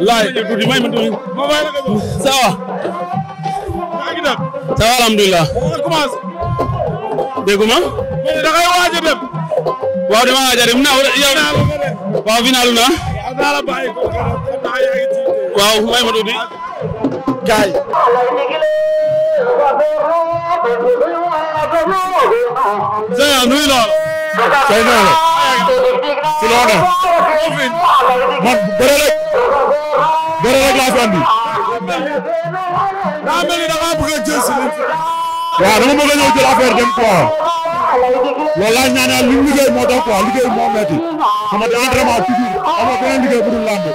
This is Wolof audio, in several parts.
laay ça va. ça va alhamdulilah. dégg nga. da ngay waaj a dem. waaw dama waaj a dem na yow. waaw finalu na. waaw may ma tuuti. kaay. Seyna nuyu naa la. Seyna la. su loo ne. man bëre rek. bëre rek laa fi andi. daa da ngaa bëgg a jël si nit. waaw dama bëgg a ñëw jël affaire dem quoi. loolu li mu liggéey moo tax quoi liggéey moo metti. xam nga entraînement toujours amoo beneen liggéey bu dul làmb.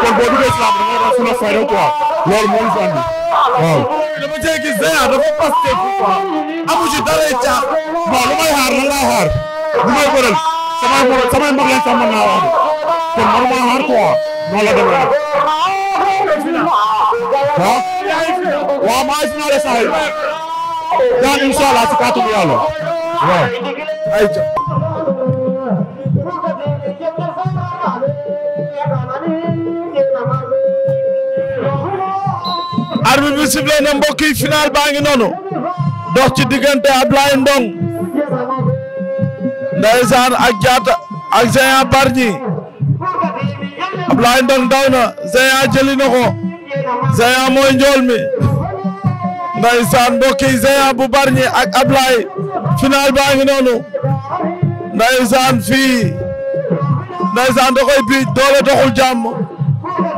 kon boo duggee si làmb da ngay doon suñu fayda quoi loolu moo ñu fi andi waaw. dama cee gis Zeyar dafa posté amu ci dara caax. non lu may xaar lan laa xaar. bu may bëral samay mboq samay mboq lañ sax mën naa wax. kon man maa xaar quoi noonu la demee nag. ah waaw maa na mbokk yi baa ngi noonu dox ci diggante Ablaye Ndong ndeysaan ak jaata ak Géant Bargny Ablaye Ndong daw na Géant jëli na Géant mooy njool mi ndeysaan mbokk yi Géant bu Bargny ak Ablaye final baa ngi noonu fii ndeysaan da koy biij doole doxul jàmm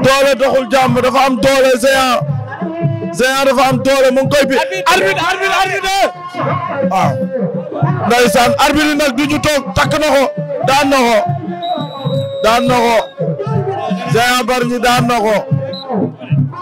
doole doxul jàmm dafa am doole Géant Géant dafa am doole mu ngi koy biij arbitre arbitre arbitre waaw ndeysaan arbitre nag du toog takk na daan na daan na ko Géant daan na ko